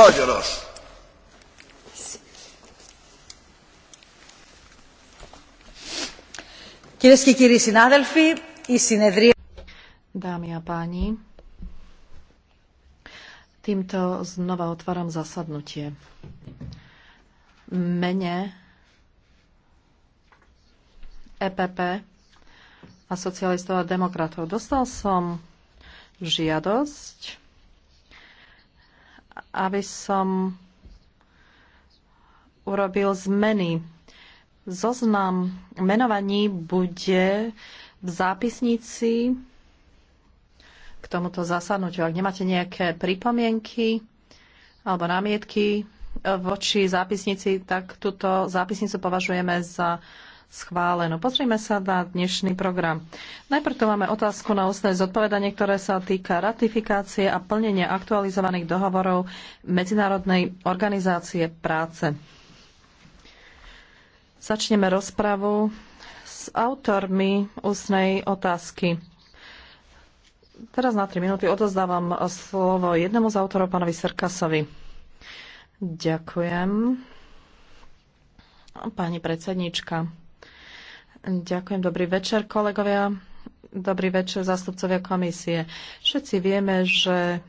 Dámy a páni, týmto znova otváram zasadnutie. Mene EPP a socialistov a demokratov dostal som žiadosť aby som urobil zmeny. Zoznam menovaní bude v zápisnici k tomuto zasadnutiu. Ak nemáte nejaké pripomienky alebo námietky voči zápisnici, tak túto zápisnicu považujeme za schváleno. Pozrime sa na dnešný program. Najprv tu máme otázku na ústne zodpovedanie, ktoré sa týka ratifikácie a plnenia aktualizovaných dohovorov Medzinárodnej organizácie práce. Začneme rozpravu s autormi ústnej otázky. Teraz na 3 minúty odozdávam slovo jednému z autorov, pánovi Serkasovi. Ďakujem. Pani predsednička, Ďakujem. Dobrý večer, kolegovia. Dobrý večer, zástupcovia komisie. Všetci vieme, že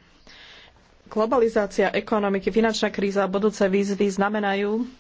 globalizácia ekonomiky, finančná kríza a budúce výzvy znamenajú,